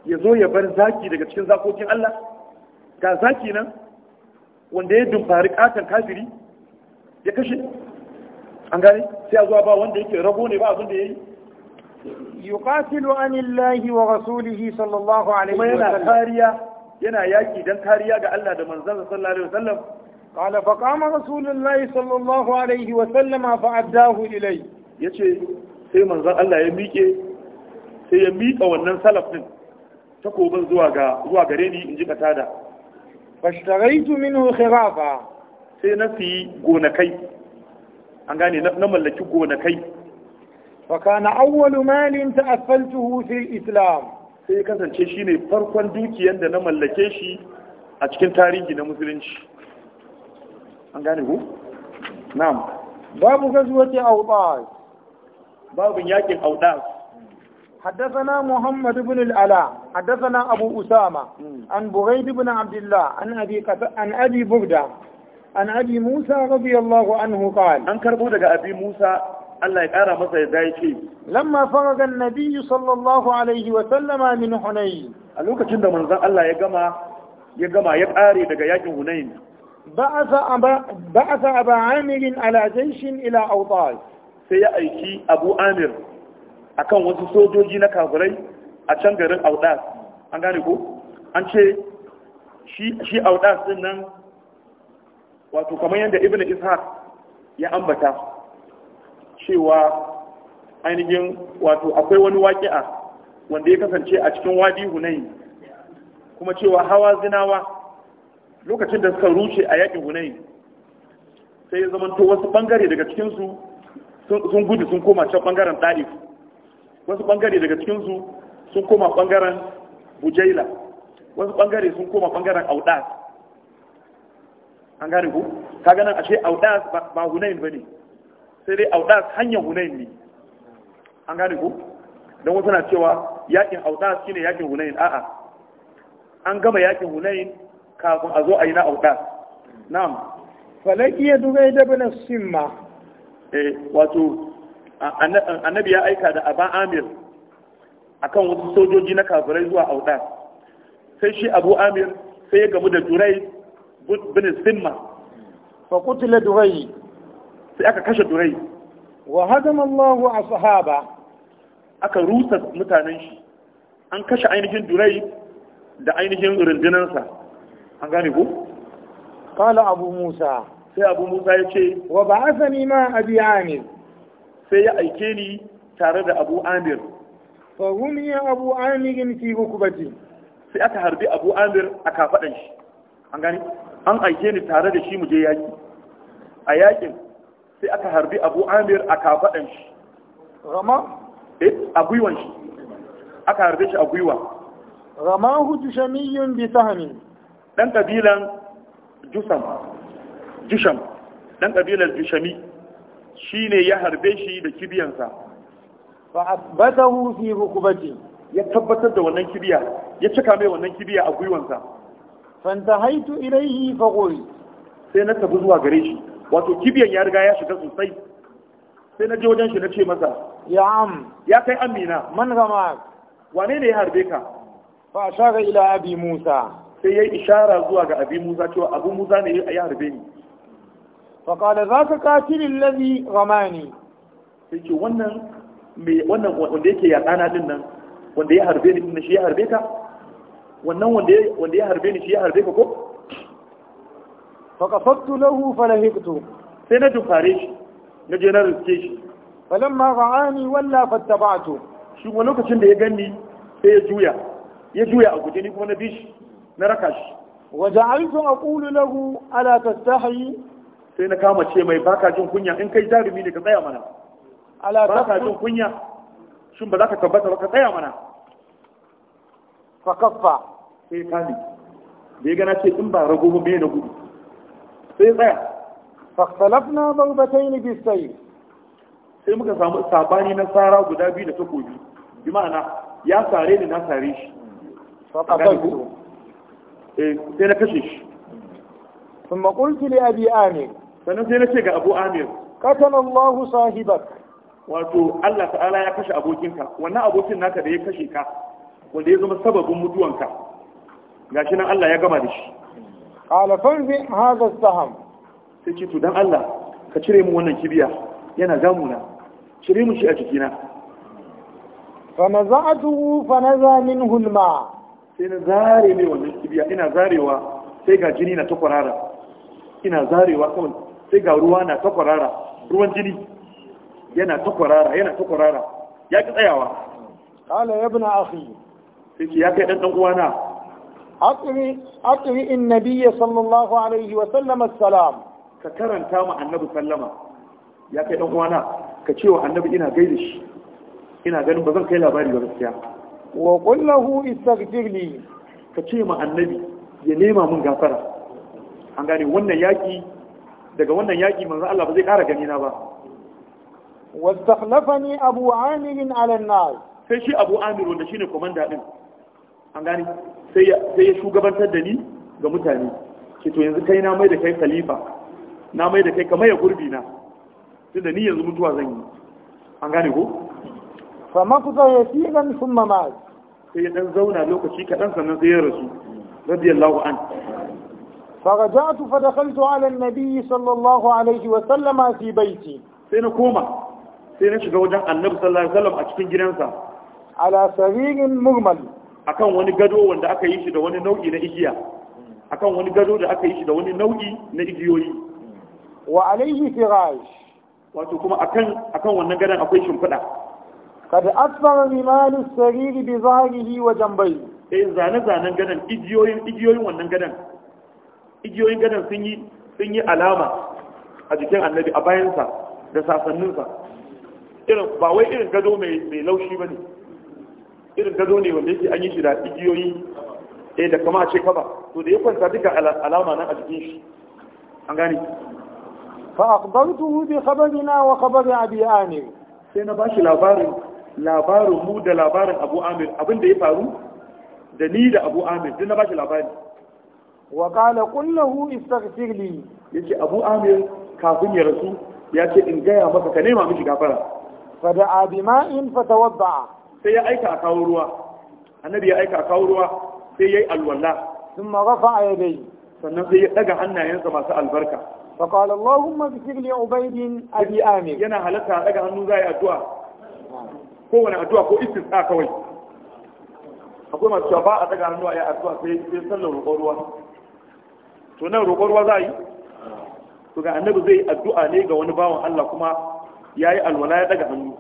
ya zo ya bar zaki daga cikin zakokin Allah ga zaki nan wanda ya dumfari katon kafiri ya kashe an gane sai a zuwa ba wanda yake rago ne ba abin da ya yi yuqatilu anillahi wa rasulihi sallallahu alaihi wa sallam yana kariya yana yaki dan kariya ga Allah da manzon sallallahu alaihi wa sallam qala fa qama rasulullahi sallallahu alaihi wa sallam fa addahu ilai yace sai manzon Allah ya miƙe sai ya miƙa wannan salaf din takobin zuwa ga zuwa gare ni in ji katada fashtaraitu minhu khirafa sai na fi gonakai an gane na mallaki gonakai na فكان أول مال تأفلته في الإسلام sai kasance shi ne farkon dukiyar da na mallake shi a cikin tarihi na musulunci an gane ku? na'am babu gazuwace babu yakin auɗas haddasa muhammad ibn al'ala haddasa na abu usama hmm. an buhari ibn abdullah an abi burda an abi musa rabi allahu an hukali an karbo daga abi musa Allah ya ƙara masa ya ya ce lamma faraga annabi sallallahu alaihi wa sallama min hunayn a lokacin da manzon Allah ya gama ya gama ya kare daga yakin hunayn ba'atha aba ba'atha aba amir ala jayshin ila awtal sai ya aiki abu amir akan wasu sojoji na kafirai a can garin audas an gane ko an ce shi audas din nan wato kamar yadda ibn ishaq ya ambata cewa ainihin wato akwai wani waƙi'a wanda ya kasance a cikin wadi hunayi kuma cewa hawa zinawa lokacin da suka rushe a yaƙin hunayi sai ya zamanto wasu ɓangare daga cikinsu sun gudu sun koma can ɓangaren ɗa'if wasu ɓangare daga cikinsu sun koma ɓangaren bujaila wasu ɓangare sun koma ɓangaren audas an gane ku kaga nan ashe audas ba hunayin ba ne sai dai audas hanyar hunayin ne an gane ku don wasu na cewa yakin audas shine yakin hunayin. a'a an gama yakin hunayin kafin a zo a yi na audas na'am falaki ya dugai da bin simma eh wato annabi ya aika da aban amir akan wasu sojoji na kafirai zuwa audas sai shi abu amir sai ya gamu da durai bin simma fa kutila durai sai aka kashe durai wa hadama Allahu ashaba aka rusa mutanen shi an kashe ainihin durai da ainihin rundunansa an gane ko qala abu musa sai abu musa ya ce wa ba'athani ma abi amir sai ya aike ni tare da abu amir fa ya abu amir fi hukubati sai aka harbi abu amir a kafadan shi an gane an aike ni tare da shi mu je yaki a yakin sai aka harbi abu amir a kafaɗan shi rama eh, a gwiwan shi aka harbe shi a gwiwa rama hutu shamiyyun bi sahami ɗan ƙabilan jusam jusham ɗan ƙabilar jushami shi ne ya harbe shi da kibiyansa ba a bata hufi hukubaci ya tabbatar da wannan kibiya ya cika mai wannan kibiya a gwiwansa fanta haitu ilaihi fagori sai na tabi zuwa gare shi wato kibiyan ya riga ya shiga sosai sai na je wajen shi na ce masa ya am ya kai amina man gama wane ne ya harbe ka fa ashara ila abi musa sai ya ishara zuwa ga abi musa cewa abu musa ne ya harbe ni fa qala zaka qatil allazi ghamani sai ce wannan me wannan wanda yake ya dana din nan wanda ya harbe ni shi ya harbe ka wannan wanda ya harbe ni shi ya harbe ka ko fakafattu lahu falahiktu sai na dukare shi na je na rike shi falan ma ra'ani walla fattaba'tu shi wani lokacin da ya gani sai ya juya ya a guje ni kuma na bishi na raka shi wa ja'altu aqulu lahu ala tastahi sai na kama ce mai baka jin kunya in kai jarumi ne ka tsaya mana ala kunya shin ba za ka tabbata ba ka tsaya mana fakaffa sai kani da ya gana ce in ba ragu mu na gudu sai tsaya fakhtalafna dawbatayn bisayf sai muka samu sabani na sara guda biyu da takobi bi ma'ana ya sare ni na sare shi eh, sai na kashe shi ثم قلت لأبي آمير فنسينا شيء أبو آمير قتل الله صاحبك wato Allah ta'ala ya kashe abokinka wannan abokin naka da ya kashe ka wanda ya zama sababin mutuwanka gashi nan Allah ya gama da shi qala fanzi hadha as-saham sai ce to dan Allah ka cire mu wannan kibiya yana zamuna. cire mu shi a jikina fa naza'atuhu fa naza minhu al-ma sai na zare mai wannan kibiya ina zarewa sai ga jini na ta kwarara ina zarewa kawai sai ga ruwa na ta kwarara ruwan jini yana ta kwarara yana ta ya ki tsayawa qala ya ibn akhi sai ya kai dan dan uwana أطرئ النبي صلى الله عليه وسلم السلام ككرن كام النبي سلم يا كي دوانا كتشيو النبي إنا قيدش إنا قيدن بذل كيلا باري ورسيا وقل له استغفر لي كتشيما النبي ينيما من غفرة أنغاني وانا ياكي daga wannan yaƙi manzo Allah ba zai ƙara gani na ba wastakhlafani abu amir ala an-nar sai shi abu amir wanda shine komanda din an gani sai ya shugabantar da ni ga mutane ce to yanzu kai na mai da kai khalifa na mai da kai kamar ya gurbi na tun da ni yanzu mutuwa zan yi an gane ko fa ku zai sun mama sai ya ɗan zauna lokaci kaɗan sannan sai ya rasu radiyallahu an فرجعت فدخلت على النبي صلى الله عليه وسلم في بيتي سينا كوما سينا شغوجا النبي صلى الله عليه وسلم أشكين جنسا على سرير مغمل akan wani gado wanda aka yi shi da wani nau'i na igiya akan wani gado da aka yi shi da wani nau'i na igiyoyi wa alaihi firash wato kuma akan akan wannan gadon akwai shimfiɗa kad asfara as-sarir bi zahirihi wa jambai eh zane zanen gadon igiyoyin igiyoyin wannan gadon igiyoyin gadon sun yi sun yi alama a jikin annabi a bayansa da sasanninsa irin ba wai irin gado mai laushi ba ne irin gado ne wanda yake an yi shi da igiyoyi eh da kama a ce kaba to da ya kwanta duka alama nan a jikin shi an gane fa akhbartuhu bi khabarina wa khabar abi amir sai na bashi labarin labarin mu da labarin abu amir abin da ya faru da ni da abu amir duk na bashi labari wa qala qul lahu istaghfir li yace abu amir kafin ya rasu ya ce in gaya maka ka nema mishi gafara fa da abima'in fatawadda sai ya aika a kawo ruwa annabi ya aika a kawo ruwa sai ya yayi alwala a rafa'a yadayhi sannan sai ya daga hannayensa masu albarka فقال اللهم اغفر لعبيد ابي امر yana halatta daga hannu zai addu'a ko wani addu'a ko sa kawai akwai masu shafa a daga hannu a yi addu'a sai sai sallar roƙon ruwa to nan roƙon ruwa za a yi to ga annabi zai addu'a ne ga wani bawan Allah kuma ya yi alwala ya daga hannu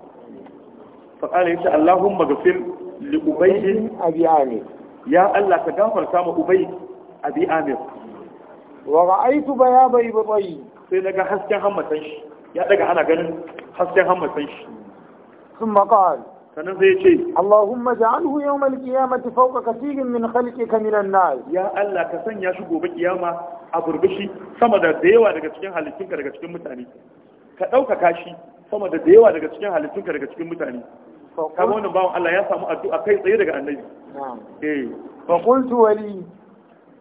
faƙala yace Allahumma ghafir li a abi amir ya Allah ka gafarta ma ubayy abi amir wa ra'aytu bayaba ibtayi sai naga hasken hammatan shi ya daga ana ganin hasken hammatan shi thumma qala ce Allahumma ja'alhu yawm al-qiyamati fawqa min khalqika min an-nas ya Allah ka sanya shi gobe kiyama a burbushi sama da yawa daga cikin halittunka daga cikin mutane ka ɗaukaka shi sama da da yawa daga cikin halittunka daga cikin mutane kaga wannan bawan Allah ya samu addu'a kai tsaye daga annabi eh fa qultu wali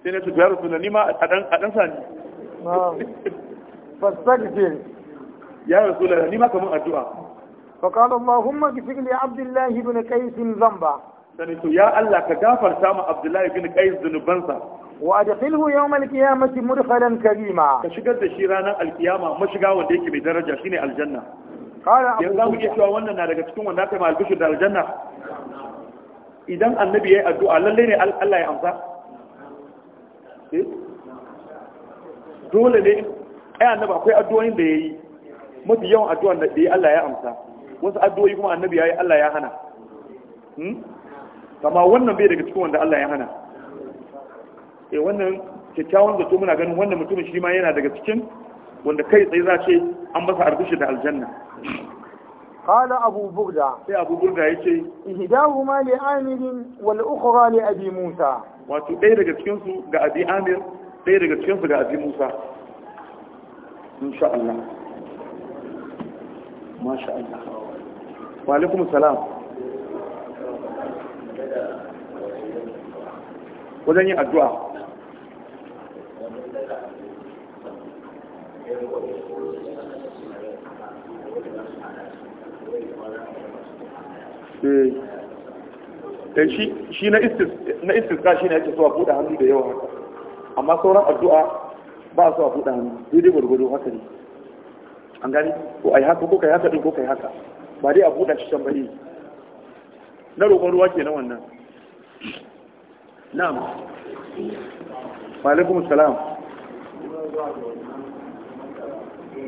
sai na tafi ya rasu ni ma a dan a dan sani fastaghfir ya rasu ni ma kaman addu'a fa qala allahumma ighfir li abdullah ibn qais dhanba sai to ya Allah ka gafarta ma abdullah ibn qais dhunubansa wa adkhilhu yawm al-qiyamati mudkhalan karima ka shigar da shi ranar al-qiyama mashiga wanda yake mai daraja shine aljanna yanzu za mu iya cewa wannan na daga cikin wanda kai malbishir da aljanna idan annabi ya yi addu'a lallai ne Allah ya amsa eh? dole ne ai annabi akwai addu'o'in da ya yi mafi yawan addu'an da ya Allah ya amsa wasu addu'o'i kuma annabi ya yi Allah ya hana kama hmm? wannan bai daga cikin wanda Allah ya hana eh wannan kyakkyawan zato muna ganin wannan mutumin shi ma yana daga cikin wanda kai tsaye za ce an masa arbishi da aljanna qala abu burda sai abu burda yace ihdahuma li amir wal ukhra li abi musa wato ɗaya daga cikin su ga abi amir ɗaya daga cikin su ga abi musa insha Allah masha Allah wa alaikum salam wajen yin addu'a Eh, da shi na istiska shi ne ake so a buɗe hannu da yawa haka amma sauran addu'a ba a so a buɗe hannu daidai gwargwado haka ne an gani ko a yi haka ko ka yi haka din ko ka yi haka ba dai a buɗe shi can bane na roƙon ruwa ke na wannan na'am wa alaikum salam da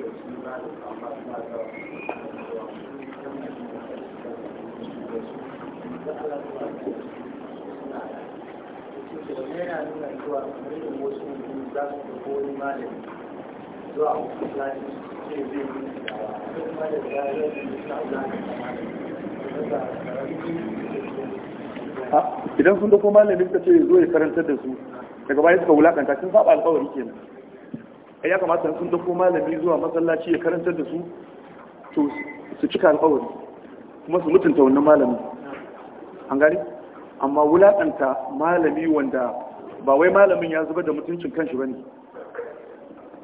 idan sun dako malamin ta ce zo ya karantar da su daga baya suka wulakanta sun saba alkawari kenan ya kamata sun dauko malami zuwa masallaci ya karantar da su to su cika alƙawari kuma su mutunta wannan malami an gani amma wulaƙanta malami wanda ba wai malamin ya zuba da mutuncin kanshi ba ne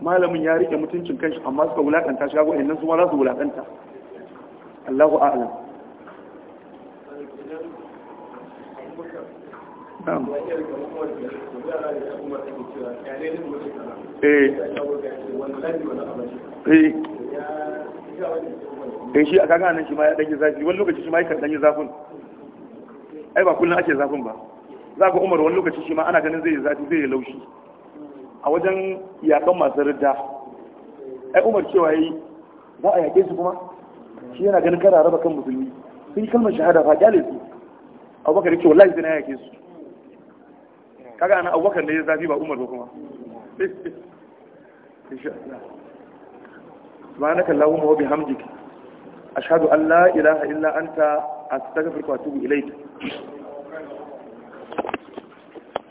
malamin ya rike mutuncin kanshi amma suka wulaƙanta shi ga wa'annan su ma za su wulaƙanta Allahu a'lam Eh. Eh. eh shi a kaga nan shi ma ya ɗanyi zafi wani lokaci shi ma ya ɗanyi zafin ai ba kullum ake zafin ba za ga umar wani lokaci shi ma ana ganin zai yi zafi zai yi laushi a wajen yakan masu ridda ai umar cewa yi za a yaƙe su kuma shi yana ganin kara raba kan musulmi sun yi kalmar shahada fa kyale su abubakar ya ce wallahi sai na yaƙe su kaga ana abubakar da ya zafi ba umar ba kuma umar allahumma wa a shaɗu an la ilaha ta anta astaghfiruka wa tubu ilai